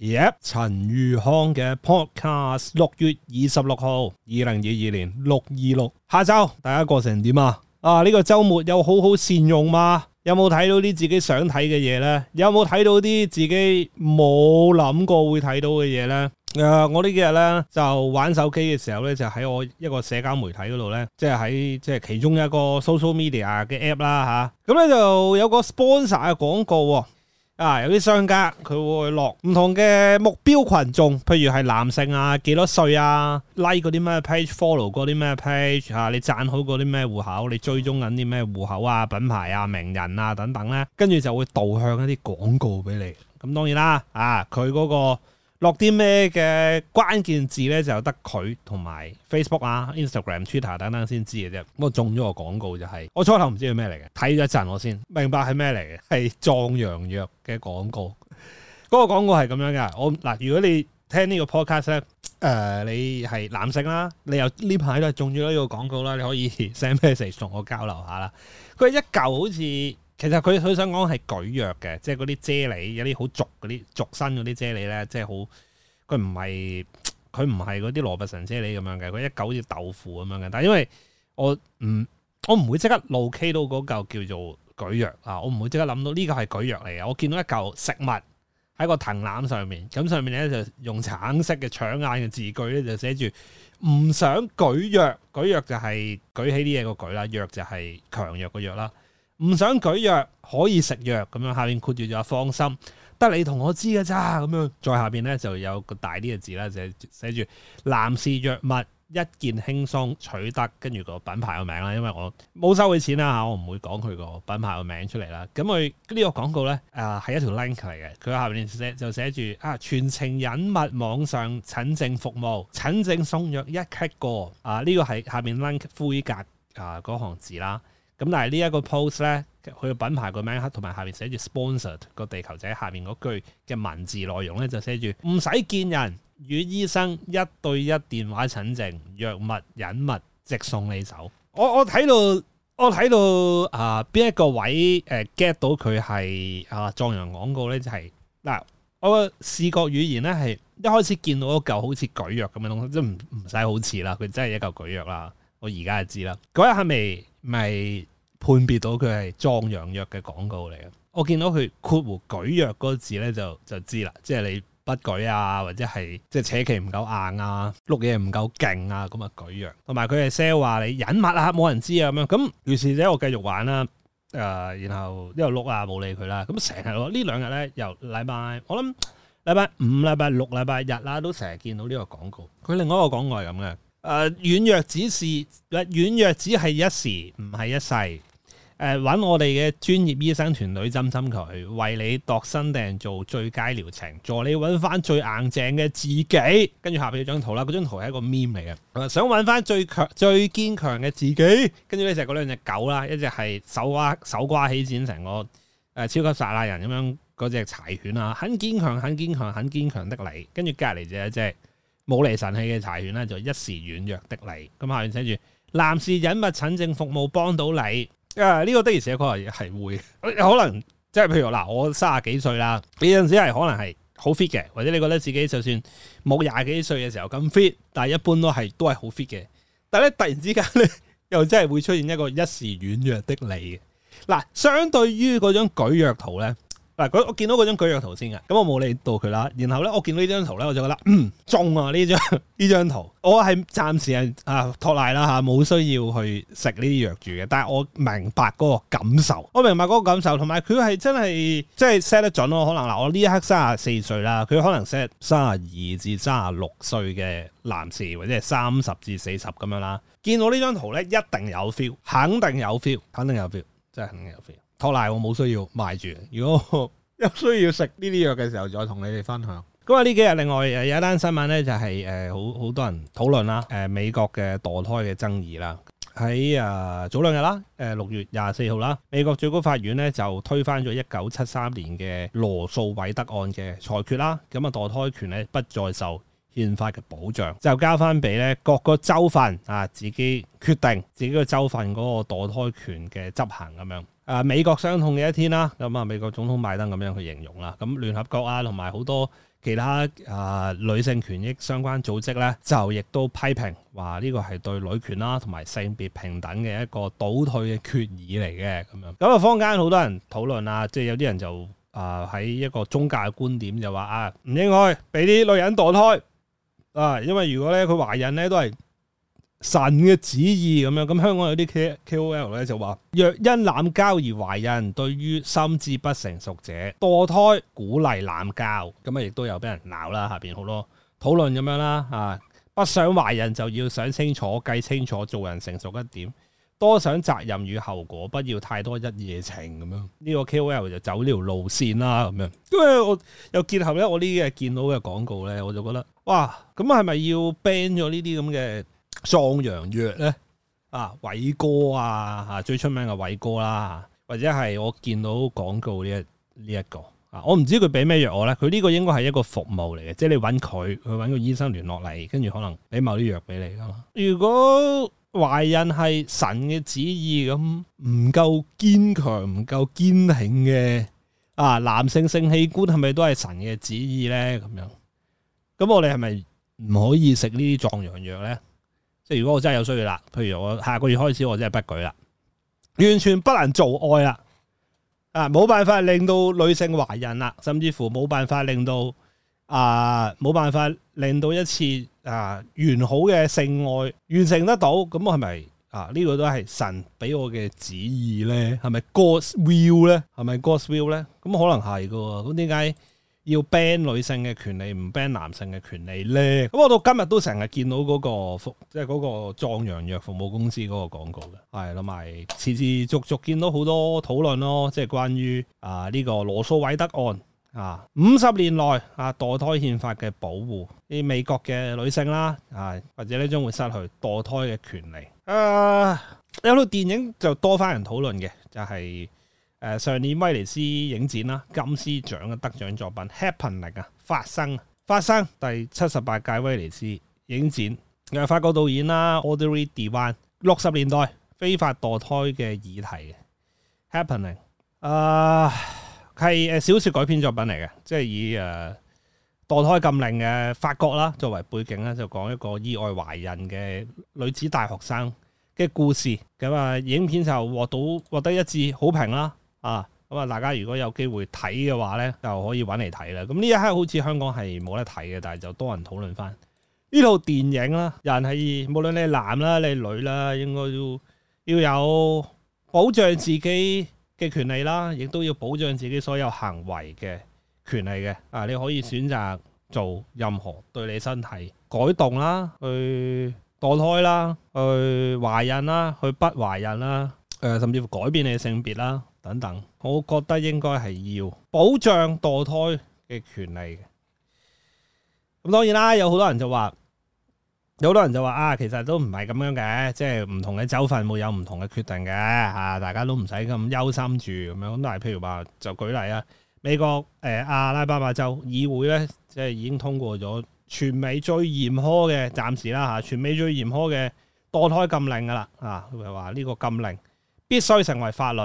耶！陳裕、yeah，康嘅 podcast，六月二十六號，二零二二年六二六，下晝大家過成點啊？啊，呢、這個周末有好好善用嗎？有冇睇到啲自己想睇嘅嘢呢？有冇睇到啲自己冇諗過會睇到嘅嘢呢？誒、啊，我呢幾日呢，就玩手機嘅時候呢，就喺我一個社交媒體嗰度呢，即係喺即係其中一個 social media 嘅 app 啦吓，咁、啊、呢就有個 sponsor 嘅廣告、啊。啊！有啲商家佢會落唔同嘅目標群眾，譬如係男性啊，幾多歲啊，like 嗰啲咩 page，follow 嗰啲咩 page 啊，你讚好嗰啲咩戶口，你追蹤緊啲咩戶口啊，品牌啊，名人啊等等呢，跟住就會導向一啲廣告俾你。咁當然啦，啊，佢嗰個。落啲咩嘅關鍵字咧，就得佢同埋 Facebook 啊、Instagram、Twitter 等等先知嘅啫。咁我中咗個廣告就係、是，我初頭唔知道咩嚟嘅，睇咗一陣我先明白係咩嚟嘅，係壯陽藥嘅廣告。嗰 個廣告係咁樣嘅，我嗱如果你聽個呢個 podcast 咧，誒、呃、你係男性啦，你又呢排都係中咗呢個廣告啦，你可以 send message 同我交流下啦。佢係一嚿好似～其實佢佢想講係舉藥嘅，即係嗰啲啫喱，有啲好俗嗰啲俗身嗰啲啫喱咧，即係好佢唔係佢唔係嗰啲羅拔神啫喱咁樣嘅，佢一嚿好似豆腐咁樣嘅。但係因為我唔、嗯、我唔會即刻 locate 到嗰嚿叫做舉藥啊，我唔會即刻諗到呢嚿係舉藥嚟嘅。我見到一嚿食物喺個藤籃上面，咁上面咧，就用橙色嘅搶眼嘅字句咧，就寫住唔想舉藥，舉藥就係舉起啲嘢個舉啦，藥就係強弱個藥啦。唔想舉藥，可以食藥咁樣，下面括住咗放心，得你同我知嘅咋咁樣。再下邊咧就有個大啲嘅字啦，就寫住男士藥物一件輕鬆取得，跟住個品牌個名啦。因為我冇收佢錢啦嚇，我唔會講佢個品牌個名出嚟啦。咁佢呢個廣告咧啊，係、呃、一條 link 嚟嘅。佢下邊寫就寫住啊，全程隱密網上診症服務，診症送藥一 click 過啊。呢、呢個係下邊 link 灰格啊嗰行字啦。咁但係呢一個 post 咧，佢個品牌個名黑，同埋下邊寫住 sponsored 個地球仔下面嗰句嘅文字內容咧就寫住，唔使見人與醫生一對一電話診症，藥物隱密直送你手。我我睇到我睇到啊邊、呃、一個位誒 get 到佢係啊壯陽廣告咧就係、是、嗱我個視覺語言咧係一開始見到一嚿好似蒟蒻咁嘅東西，即係唔唔使好似啦，佢真係一嚿蒟蒻啦。我而家就知啦，嗰日係咪？咪判別到佢係壯陽藥嘅廣告嚟嘅，我見到佢括弧舉弱嗰個字咧就就知啦，即係你不舉啊，或者係即係扯旗唔夠硬啊，碌嘢唔夠勁啊，咁啊舉弱，同埋佢係 sell 話你隱密啊，冇人知啊咁樣，咁於是咧我繼續玩啦、啊，誒、呃，然後一路碌啊冇理佢啦，咁成日我兩呢兩日咧由禮拜我諗禮拜五、禮拜六、禮拜日啦、啊、都成日見到呢個廣告，佢另外一個廣告係咁嘅。誒，軟、呃、弱只是，軟、呃、弱只係一時，唔係一世。誒、呃，揾我哋嘅專業醫生團隊，真心佢為你度身訂做最佳療程，助你揾翻最硬淨嘅自己。跟住下邊有張圖啦，嗰張圖係一個 Meme 嚟嘅、呃。想揾翻最強、最堅強嘅自己。跟住咧就嗰兩隻狗啦，一隻係手瓜手瓜起剪成個誒超級撒亞人咁樣，嗰隻柴犬啊，很堅強、很堅強、很堅強的你。跟住隔籬就一隻。冇力神器嘅柴犬咧，就一時軟弱的你。咁下面寫住男士隱密診症服務幫到你。啊，呢、這個的而且確係會，可能即係譬如嗱，我卅幾歲啦，有陣時係可能係好 fit 嘅，或者你覺得自己就算冇廿幾歲嘅時候咁 fit，但係一般都係都係好 fit 嘅。但係咧，突然之間咧，又真係會出現一個一時軟弱的你。嗱、啊，相對於嗰張舉弱圖咧。嗱，我我見到嗰張舉藥圖先嘅，咁我冇理到佢啦。然後咧，我見到呢張圖咧，我就覺得、嗯、中啊！呢張呢張圖，我係暫時係啊托賴啦吓，冇需要去食呢啲藥住嘅。但係我明白嗰個感受，我明白嗰個感受，同埋佢係真係即係 set 得準咯。可能嗱，我呢一刻三十四歲啦，佢可能 set 三十二至三十六歲嘅男士，或者係三十至四十咁樣啦。見到呢張圖咧，一定有 feel，肯定有 feel，肯定有 feel，即係肯定有 feel 真係肯定有 feel。託賴我冇需要賣住，如果有需要食呢啲藥嘅時候，再同你哋分享。咁啊，呢幾日另外誒有一單新聞咧，就是，就係誒好好多人討論啦，誒、呃、美國嘅墮胎嘅爭議啦。喺誒、呃、早兩、呃、日啦，誒六月廿四號啦，美國最高法院咧就推翻咗一九七三年嘅羅訴韋德案嘅裁決啦，咁啊墮胎權咧不再受憲法嘅保障，就交翻俾咧各個州份啊自己決定自己嘅州份嗰個墮胎權嘅執行咁樣。啊！美國傷痛嘅一天啦，咁、嗯、啊，美國總統拜登咁樣去形容啦。咁、嗯、聯合國啊，同埋好多其他啊、呃、女性權益相關組織咧，就亦都批評話呢個係對女權啦同埋性別平等嘅一個倒退嘅決議嚟嘅咁樣。咁、嗯、啊、嗯，坊間好多人討論啊，即係有啲人就啊喺、呃、一個宗教嘅觀點就話啊，唔應該俾啲女人墮胎啊，因為如果咧佢懷孕咧都係。神嘅旨意咁樣，咁香港有啲 K O L 咧就話，若因濫交而懷孕，對於心智不成熟者墮胎鼓勵濫交。咁啊亦都有俾人鬧啦，下邊好多討論咁樣啦，啊，不想懷孕就要想清楚計清楚，做人成熟一點，多想責任與後果，不要太多一夜情咁樣。呢個 K O L 就走呢條路綫啦，咁樣。因為我又結合咧我呢幾日見到嘅廣告咧，我就覺得哇，咁係咪要 ban 咗呢啲咁嘅？壯陽藥咧啊偉哥啊吓最出名嘅偉哥啦，啊，或者係我見到廣告呢一呢一,一個啊，我唔知佢俾咩藥我咧，佢呢個應該係一個服務嚟嘅，即係你搵佢，佢搵個醫生聯絡你，跟住可能俾某啲藥俾你噶啦。如果懷孕係神嘅旨意咁，唔夠堅強唔夠堅挺嘅啊，男性性器官係咪都係神嘅旨意咧？咁樣咁我哋係咪唔可以食呢啲壯陽藥咧？即如果我真係有需要啦，譬如我下個月開始我真係不舉啦，完全不能做愛啦，啊，冇辦法令到女性懷孕啦，甚至乎冇辦法令到啊，冇辦法令到一次啊完好嘅性愛完成得到，咁我係咪啊呢個都係神俾我嘅旨意咧？係咪 God’s will 咧？係咪 God’s will 咧？咁可能係噶，咁點解？要 ban 女性嘅權利唔 ban 男性嘅權利咧，咁我到今日都成日見到嗰、那個服，即係嗰個壯陽藥服務公司嗰個廣告嘅，係，同埋時時續續見到好多討論咯，即係關於啊呢、這個羅素韋德案啊，五十年內啊墮胎憲法嘅保護，啲美國嘅女性啦啊，或者咧將會失去墮胎嘅權利啊，有套電影就多翻人討論嘅，就係、是。誒、呃、上年威尼斯影展啦，金獅獎嘅得獎作品《Happening》啊，發生，發生第七十八屆威尼斯影展，法國導演啦 Audrey Diwan 六十年代非法墮胎嘅議題《Happening》啊，係、呃、誒小説改編作品嚟嘅，即係以誒、呃、墮胎禁令嘅法國啦作為背景咧，就講一個意外懷孕嘅女子大學生嘅故事，咁、呃、啊，影片就獲到獲得一致好評啦。啊，咁啊，大家如果有機會睇嘅話呢，就可以揾嚟睇啦。咁呢一刻好似香港係冇得睇嘅，但係就多人討論翻呢套電影啦。人係無論你係男啦，你係女啦，應該要要有保障自己嘅權利啦，亦都要保障自己所有行為嘅權利嘅。啊，你可以選擇做任何對你身體改動啦，去墮胎啦，去懷孕啦，去不懷孕啦，誒、呃，甚至乎改變你性別啦。等等，我覺得應該係要保障墮胎嘅權利嘅。咁當然啦，有好多人就話，有好多人就話啊，其實都唔係咁樣嘅，即係唔同嘅州份會有唔同嘅決定嘅啊，大家都唔使咁憂心住咁樣。咁但係譬如話，就舉例啊，美國誒、呃、阿拉巴馬州議會咧，即係已經通過咗全美最嚴苛嘅暫時啦嚇、啊，全美最嚴苛嘅墮胎禁令噶啦啊，佢話呢個禁令必須成為法律。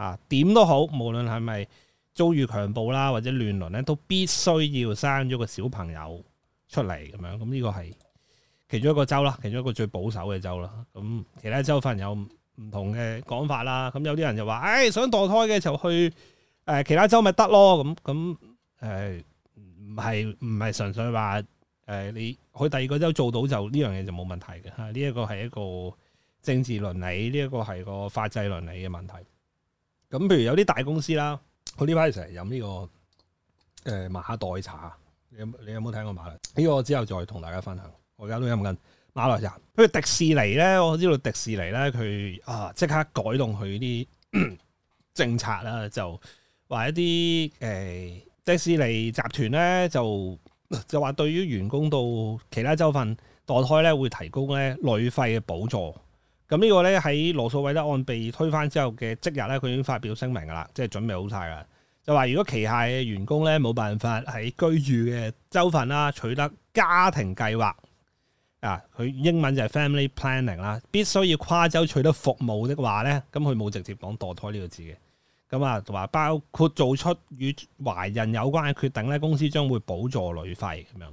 啊，點都好，無論係咪遭遇強暴啦，或者亂倫咧，都必須要生咗個小朋友出嚟咁樣。咁呢個係其中一個州啦，其中一個最保守嘅州啦。咁、嗯、其他州可能有唔同嘅講法啦。咁、嗯、有啲人就話，誒、哎、想墮胎嘅就去誒、呃、其他州咪得咯。咁咁誒唔係唔係純粹話誒、呃、你去第二個州做到就呢樣嘢就冇問題嘅。嚇、啊，呢一個係一個政治倫理，呢一個係個法制倫理嘅問題。咁，譬如有啲大公司啦，佢呢排成日飲呢個誒、呃、馬黛茶，你有你有冇聽過馬黛？呢個我之後再同大家分享。我而家都飲緊馬黛茶。譬如迪士尼咧，我知道迪士尼咧，佢啊即刻改動佢啲政策啦、啊，就話一啲誒、呃、迪士尼集團咧，就就話對於員工到其他州份墮胎咧，會提供咧旅費嘅補助。咁呢個咧喺羅素維德案被推翻之後嘅即日咧，佢已經發表聲明㗎喇，即係準備好曬啦。就話如果旗下嘅員工咧冇辦法喺居住嘅州份啦取得家庭計劃啊，佢英文就係 family planning 啦，必須要跨州取得服務的話咧，咁佢冇直接講墮胎呢個字嘅。咁啊，同埋包括做出與懷孕有關嘅決定咧，公司將會補助旅費咁樣。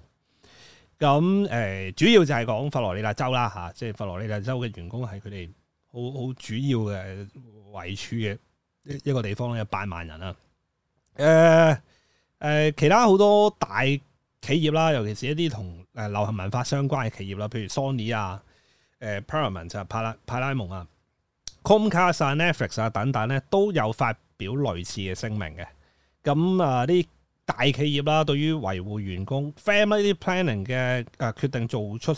咁誒、嗯、主要就係講佛羅里達州啦嚇、啊，即係佛羅里達州嘅員工係佢哋好好主要嘅位處嘅一個地方有百萬人啊。誒、呃、誒、呃，其他好多大企業啦，尤其是一啲同誒流行文化相關嘅企業啦，譬如 Sony 啊、誒 Paramount 就、啊、係派拉派拉蒙啊、Comcast、Netflix 啊等等咧，都有發表類似嘅聲明嘅。咁啊啲。大企業啦，對於維護員工 family planning 嘅誒決定做做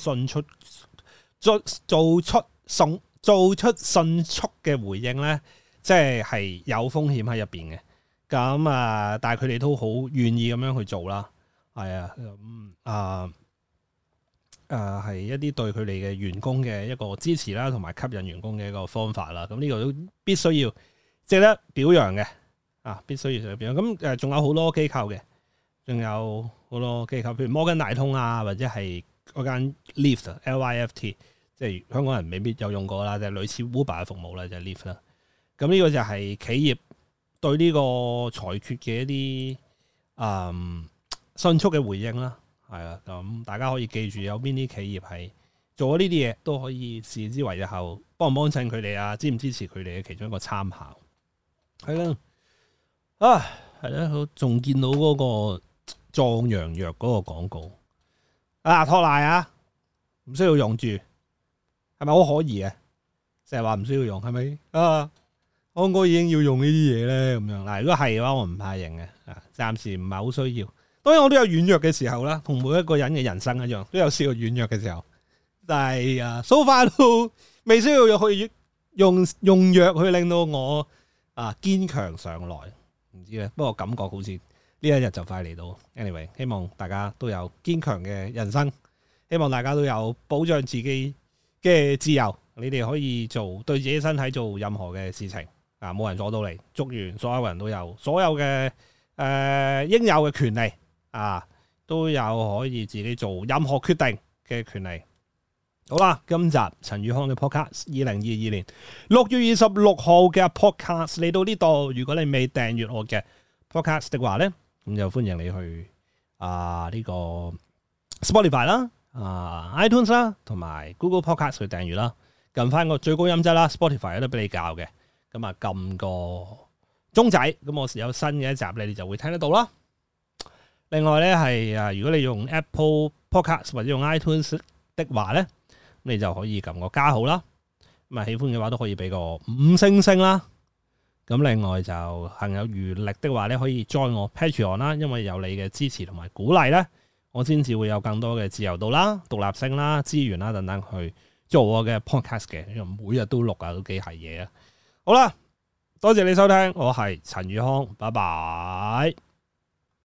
做，做出迅速做出送做出迅速嘅回應咧，即係係有風險喺入邊嘅。咁啊，但係佢哋都好願意咁樣去做啦，係啊，咁啊誒係一啲對佢哋嘅員工嘅一個支持啦，同埋吸引員工嘅一個方法啦。咁、這、呢個都必須要值得表揚嘅。啊，必須要上邊咁誒，仲有好多機構嘅，仲有好多機構，譬如摩根大通啊，或者係嗰間 Lyft，L-Y-F-T，即係香港人未必有用過啦，就係類似 Uber 嘅服務啦，就係 Lyft 啦。咁呢個就係企業對呢個裁決嘅一啲誒、嗯、迅速嘅回應啦。係啊，咁大家可以記住有邊啲企業係做咗呢啲嘢，都可以視之為日後幫唔幫襯佢哋啊，支唔支持佢哋嘅其中一個參考。係啦。啊，係啦，好，那個，仲見到嗰個壯陽藥嗰個廣告啊，托賴啊，唔需要用住，係咪好可疑啊？成日話唔需要用，係咪啊？我應該已經要用呢啲嘢咧，咁樣嗱，啊，如果係嘅話，我唔怕認嘅啊，暫時唔係好需要。當然我都有軟弱嘅時候啦，同每一個人嘅人生一樣，都有需要軟弱嘅時候，但係啊，蘇、so far 都未需要去用用藥去令到我啊堅強上來。唔知咧，不過感覺好似呢一日就快嚟到。Anyway，希望大家都有堅強嘅人生，希望大家都有保障自己嘅自由。你哋可以做對自己身體做任何嘅事情啊，冇人阻到你。祝願所有人都有所有嘅誒應有嘅權利啊，都有可以自己做任何決定嘅權利。好啦，今集陳宇康嘅 podcast，二零二二年六月二十六號嘅 podcast 嚟到呢度。如果你未訂閱我嘅 podcast 的話咧，咁就歡迎你去啊呢個 Spotify 啦、啊 iTunes 啦，同埋 Google Podcast 去訂閱啦。撳返個最高音質啦，Spotify 都俾你教嘅。咁啊，撳個鐘仔，咁我有新嘅一集你哋就會聽得到啦。另外咧係啊，如果你用 Apple Podcast 或者用 iTunes 的話咧。你就可以撳我加號啦。咁啊，喜歡嘅話都可以俾個五星星啦。咁另外就行有餘力的話咧，你可以 join 我 Patreon 啦。因為有你嘅支持同埋鼓勵咧，我先至會有更多嘅自由度啦、獨立性啦、資源啦等等去做我嘅 podcast 嘅。因為每日都錄啊，都幾係嘢啊。好啦，多謝你收聽，我係陳宇康，拜拜。